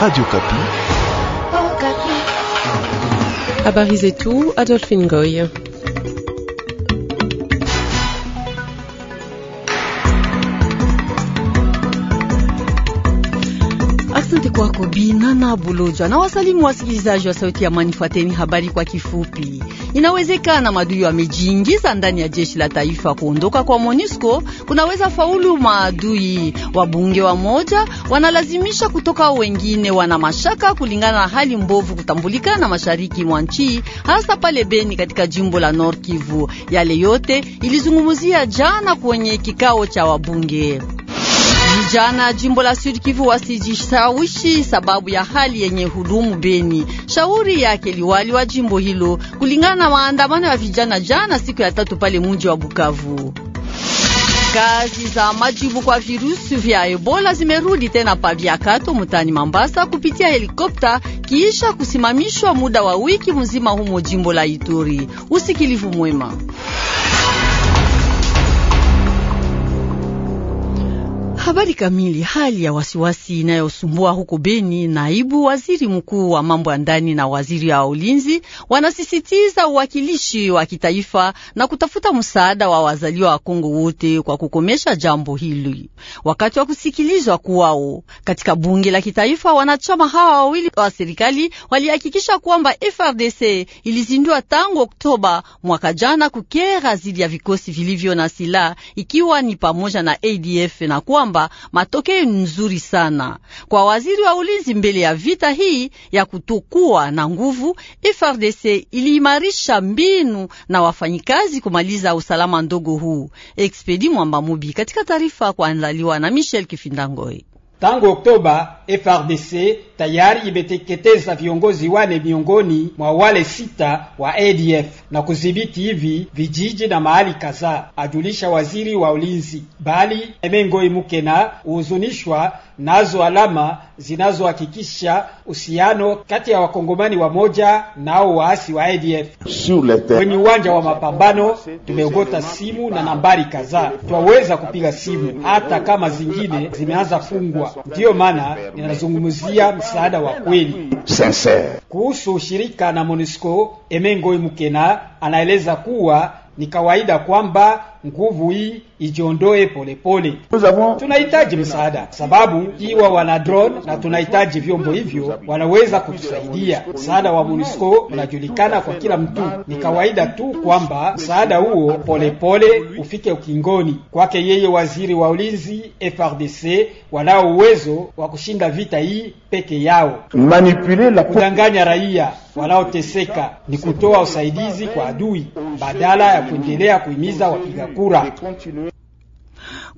Radio Kapi. À tout, Adolphine Goy. Asante kwako Bina na Bulojwa na wasalimu wasikilizaji wa Sauti ya Amani. Fuateni habari kwa kifupi. Inawezekana maadui wamejiingiza ndani ya jeshi la taifa. Kuondoka kwa MONUSCO kunaweza faulu. Maadui wabunge wa moja wanalazimisha kutoka, wengine wana mashaka kulingana na hali mbovu kutambulikana mashariki mwa nchi, hasa pale Beni katika jimbo la Nord Kivu. Yale yote ilizungumzia jana kwenye kikao cha wabunge. Vijana jimbo la Sud Kivu wasijishawishi sababu ya hali yenye hudumu Beni. Shauri yake liwali wa jimbo hilo, kulingana na maandamano ya vijana jana siku ya tatu pale mji wa Bukavu. Kazi za majibu kwa virusi vya Ebola zimerudi tena pa Biakato mutani Mambasa kupitia helikopta kiisha kusimamishwa muda wa wiki mzima humo jimbo la Ituri. Usikilivu mwema. Habari kamili. Hali ya wasiwasi inayosumbua huko Beni, naibu waziri mkuu wa mambo ya ndani na waziri wa ulinzi wanasisitiza uwakilishi wa kitaifa na kutafuta msaada wa wazaliwa wa Kongo wote kwa kukomesha jambo hili. Wakati wa kusikilizwa kwao katika bunge la kitaifa, wanachama hawa wawili wa serikali walihakikisha kwamba FRDC ilizindua tangu Oktoba mwaka jana kukera zidi ya vikosi vilivyo na silaha ikiwa ni pamoja na ADF na kwamba kwamba matokeo ni nzuri sana kwa waziri wa ulinzi. Mbele ya vita hii ya kutokuwa na nguvu, FRDC iliimarisha mbinu na wafanyikazi kumaliza usalama ndogo huu. Expedi Mwamba Mubi katika taarifa kuandaliwa na Michel Kifindangoi. Tangu Oktoba, FRDC tayari imeteketeza viongozi wane miongoni mwa wale sita wa ADF na kudhibiti hivi vijiji na mahali kadhaa, ajulisha waziri wa ulinzi. Bali Emengo mukena uhuzunishwa nazo alama zinazohakikisha uhusiano kati ya wakongomani wamoja nao waasi wa ADF. Kwenye uwanja wa mapambano tumeogota simu na nambari kadhaa, twaweza kupiga simu hata kama zingine zimeanza fungwa. Ndiyo maana ninazungumzia msaada wa kweli kuhusu shirika na monisco Emengoi Mukena anaeleza kuwa ni kawaida kwamba nguvu hii ijiondoe polepole. Tunahitaji msaada, sababu kiwa wana drone na tunahitaji vyombo hivyo, wanaweza kutusaidia. Msaada wa MONUSCO unajulikana kwa kila mtu, ni kawaida tu kwamba msaada huo polepole ufike ukingoni kwake yeye, waziri wa ulinzi FRDC wanao uwezo wa kushinda vita hii peke yao. kudanganya raia wanaoteseka ni kutoa usaidizi kwa adui badala ya kuendelea kuhimiza wapiga kura.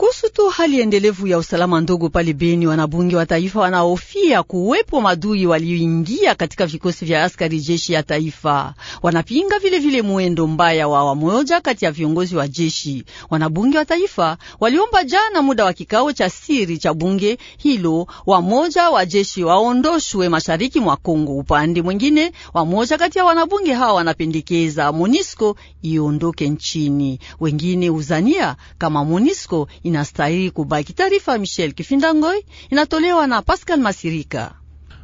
Kuhusu tu hali endelevu ya usalama ndogo pale Beni, wanabunge wa taifa wanaofia kuwepo madui walioingia katika vikosi vya askari jeshi ya taifa. Wanapinga vilevile mwendo mbaya wa wamoja kati ya viongozi wa jeshi. Wanabunge wa taifa waliomba jana muda wa kikao cha siri cha bunge hilo, wamoja wa jeshi waondoshwe mashariki mwa Kongo. Upande mwingine, wamoja kati ya wanabunge hawa wanapendekeza MONUSCO iondoke nchini, wengine uzania kama MONUSCO inastahili kubaki. Taarifa Michel Kifindangoi inatolewa na Pascal Masirika.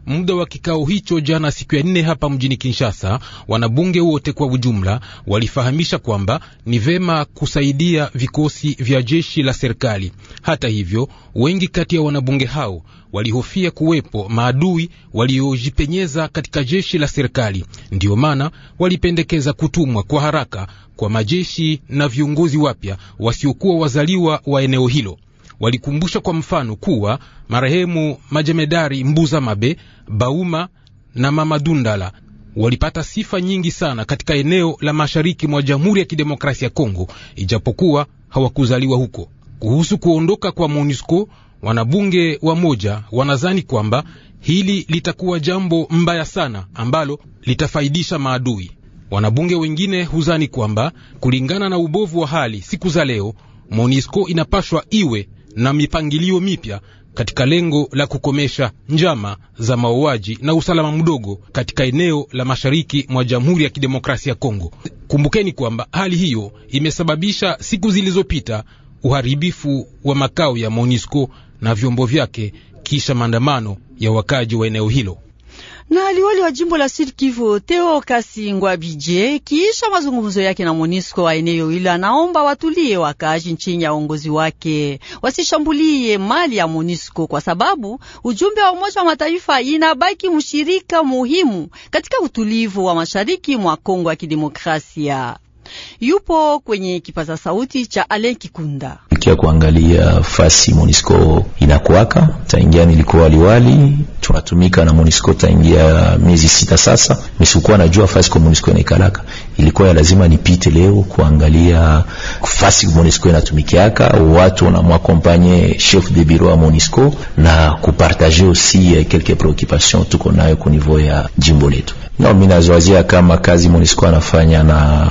Muda wa kikao hicho jana siku ya nne hapa mjini Kinshasa, wanabunge wote kwa ujumla walifahamisha kwamba ni vema kusaidia vikosi vya jeshi la serikali. Hata hivyo, wengi kati ya wanabunge hao walihofia kuwepo maadui waliojipenyeza katika jeshi la serikali. Ndiyo maana walipendekeza kutumwa kwa haraka kwa majeshi na viongozi wapya wasiokuwa wazaliwa wa eneo hilo. Walikumbusha kwa mfano kuwa marehemu majemedari Mbuza Mabe, Bauma na Mama Dundala walipata sifa nyingi sana katika eneo la mashariki mwa Jamhuri ya Kidemokrasia ya Kongo, ijapokuwa hawakuzaliwa huko. Kuhusu kuondoka kwa MONUSCO Wanabunge wa moja wanazani kwamba hili litakuwa jambo mbaya sana ambalo litafaidisha maadui. Wanabunge wengine huzani kwamba kulingana na ubovu wa hali siku za leo, MONUSCO inapashwa iwe na mipangilio mipya katika lengo la kukomesha njama za mauaji na usalama mdogo katika eneo la mashariki mwa Jamhuri ya Kidemokrasia ya Kongo. Kumbukeni kwamba hali hiyo imesababisha siku zilizopita uharibifu wa makao ya MONUSCO na vyombo vyake kisha maandamano ya wakaji wa eneo hilo na liwali wa jimbo la Sud Kivu Teo Kasingwa Bije, kiisha mazungumzo yake na Monisco wa eneo hilo, anaomba watulie wakaji nchini ya uongozi wake wasishambulie mali ya Monisco kwa sababu ujumbe wa Umoja wa Mataifa inabaki mshirika muhimu katika utulivu wa mashariki mwa Kongo ya Kidemokrasia. Yupo kwenye kipaza sauti cha Alen Kikunda tunaelekea kuangalia fasi Monisco inakuwaka taingia, nilikuwa liwali, tunatumika na Monisco taingia miezi sita sasa. Nisikuwa najua fasi kwa Monisco inaikalaka, ilikuwa ya lazima nipite leo kuangalia fasi Monisco inatumikiaka, watu na mwakompanye chef de bureau ya Monisco na kupartage aussi quelques preoccupations tuko nayo ku niveau ya jimbo letu. No, mimi nazoazia kama kazi Monisco anafanya na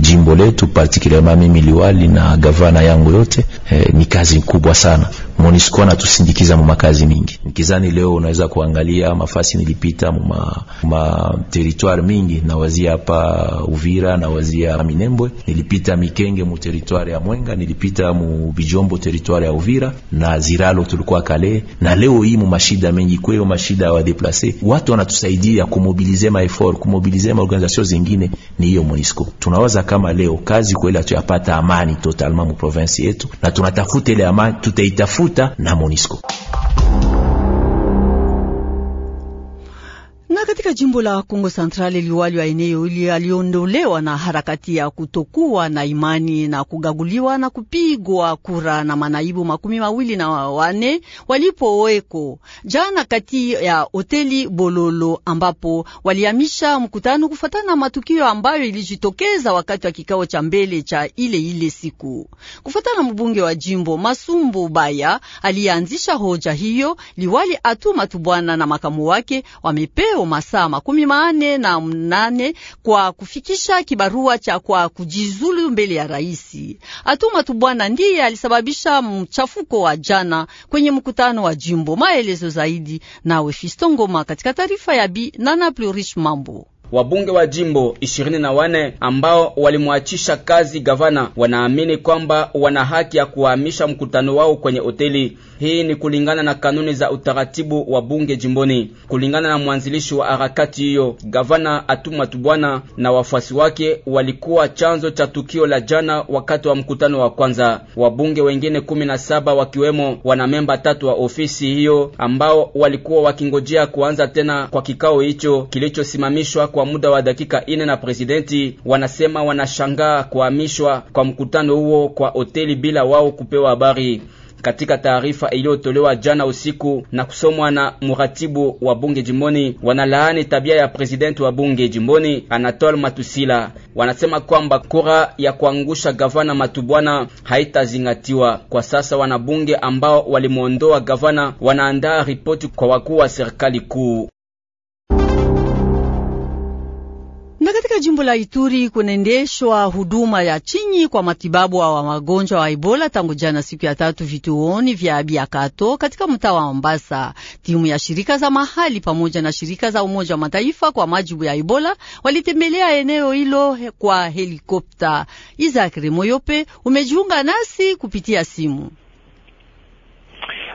jimbo letu particulierement mimi liwali na gavana yangu yote eh, ni kazi kubwa sana. MONUSCO natusindikiza mu makazi mingi. Nikizani leo unaweza kuangalia mafasi nilipita mu ma territoire mingi nawazia hapa Uvira, nawazia Minembwe, nilipita Mikenge mu territoire ya Mwenga, nilipita mu Bijombo territoire ya Uvira na Ziralo tulikuwa kale, na leo hii mu mashida mengi kweyo mashida wa wadeplase, watu wanatusaidia kumobilize ma effort, kumobilize ma organisation zingine, ni hiyo MONUSCO. Tunawaza kama leo kazi kweli atuyapata amani totalement mu province yetu, na tunatafuta ile amani tutaitafuta mafuta na Monisco. Katika jimbo la Kongo Centrale, liwali wa eneo ili aliondolewa na harakati ya kutokuwa na imani na kugaguliwa na kupigwa kura na manaibu makumi mawili na wane walipoweko jana kati ya hoteli Bololo, ambapo walihamisha mkutano kufuatana na matukio ambayo ilijitokeza wakati wa kikao cha mbele cha ile ile siku. Kufuatana na mbunge wa jimbo Masumbu Baya aliyeanzisha hoja hiyo, liwali Atuma Tubwana na makamu wake wamepewa masaa makumi manne na mnane kwa kufikisha kibarua cha kwa kujizulu mbele ya raisi. Atuma bwana ndiye alisababisha mchafuko wa jana kwenye mkutano wa jimbo. Maelezo zaidi nawe fistongoma katika taarifa ya Bi Nana Plurish Mambo. Wabunge wa jimbo 24 ambao walimwachisha kazi gavana wanaamini kwamba wana haki ya kuhamisha mkutano wao kwenye hoteli. Hii ni kulingana na kanuni za utaratibu wa bunge jimboni. Kulingana na mwanzilishi wa harakati hiyo, gavana Atuma Tubwana na wafuasi wake walikuwa chanzo cha tukio la jana wakati wa mkutano wa kwanza. Wabunge wengine 17 wakiwemo wanamemba tatu wa ofisi hiyo ambao walikuwa wakingojea kuanza tena kwa kikao hicho kilichosimamishwa kwa muda wa dakika ine na presidenti, wanasema wanashangaa kuhamishwa kwa mkutano huo kwa hoteli bila wao kupewa habari. Katika taarifa iliyotolewa jana usiku na kusomwa na muratibu wa bunge jimboni, wanalaani tabia ya presidenti wa bunge jimboni Anatole Matusila. Wanasema kwamba kura ya kuangusha gavana Matubwana haitazingatiwa kwa sasa. Wanabunge ambao walimwondoa gavana wanaandaa ripoti kwa wakuu wa serikali kuu. Na katika jimbo la Ituri kunaendeshwa huduma ya chini kwa matibabu wa wagonjwa wa Ebola tangu jana siku ya tatu vituoni vya Biakato katika mtaa wa Mombasa. Timu ya shirika za mahali pamoja na shirika za Umoja wa Mataifa kwa majibu ya Ebola walitembelea eneo hilo kwa helikopta. Isaac Remoyope umejiunga nasi kupitia simu.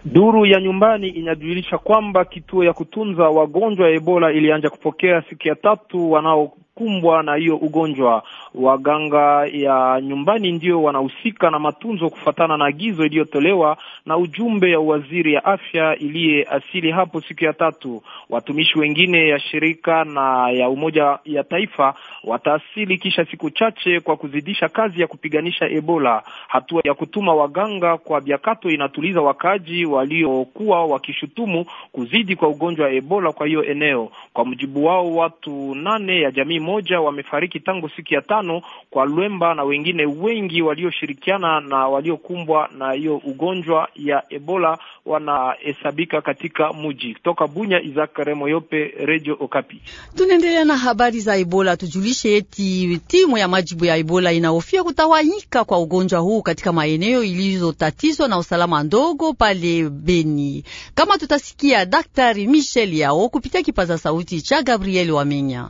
Duru ya nyumbani inajulisha kwamba kituo ya kutunza wagonjwa ya Ebola ilianza kupokea siku ya tatu wanao kukumbwa na hiyo ugonjwa Waganga ya nyumbani ndio wanahusika na matunzo kufatana na agizo iliyotolewa na ujumbe ya waziri ya afya iliyeasili hapo siku ya tatu. Watumishi wengine ya shirika na ya Umoja ya Taifa wataasili kisha siku chache kwa kuzidisha kazi ya kupiganisha Ebola. Hatua ya kutuma waganga kwa Biakato inatuliza wakaaji waliokuwa wakishutumu kuzidi kwa ugonjwa wa Ebola kwa hiyo eneo. Kwa mujibu wao, watu nane ya jamii moja wamefariki tangu siku ya tatu tano kwa Lwemba na wengine wengi walioshirikiana na waliokumbwa na hiyo ugonjwa ya Ebola wanahesabika katika muji. Toka Bunya, Isaac Yope, Radio Okapi. Tunaendelea na habari za Ebola. Tujulishe eti timu ya majibu ya Ebola inahofia kutawanyika kwa ugonjwa huu katika maeneo ilizotatizwa na usalama ndogo pale Beni, kama tutasikia Daktari Michel Yao kupitia kipaza sauti cha Gabriel Wamenya.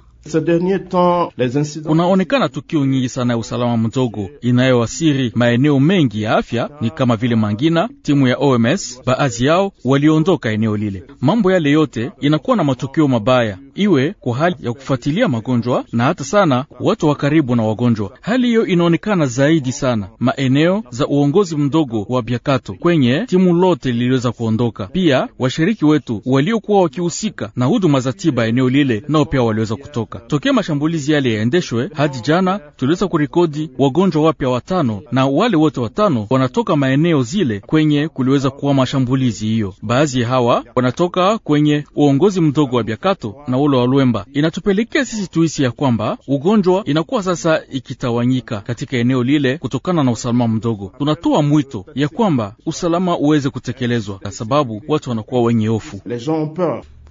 Kunaonekana tukio nyingi sana ya usalama mdogo inayoasiri maeneo mengi ya afya, ni kama vile Mangina. Timu ya OMS baadhi yao waliondoka eneo lile. Mambo yale yote inakuwa na matukio mabaya iwe kwa hali ya kufuatilia magonjwa na hata sana watu wa karibu na wagonjwa. Hali hiyo inaonekana zaidi sana maeneo za uongozi mdogo wa biakato kwenye timu lote liliweza kuondoka. Pia washiriki wetu waliokuwa wakihusika na huduma za tiba eneo lile nao pia waliweza kutoka. Tokea mashambulizi yale yaendeshwe hadi jana, tuliweza kurekodi wagonjwa wapya watano, na wale wote watano wanatoka maeneo zile kwenye kuliweza kuwa mashambulizi hiyo. Baadhi ya hawa wanatoka kwenye uongozi mdogo wa biakato na ule wa Lwemba. Inatupelekea sisi tuisi ya kwamba ugonjwa inakuwa sasa ikitawanyika katika eneo lile kutokana na usalama mdogo. Tunatoa mwito ya kwamba usalama uweze kutekelezwa, kwa sababu watu wanakuwa wenye hofu.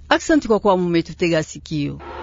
Asante kwa kuwa mumetutega sikio.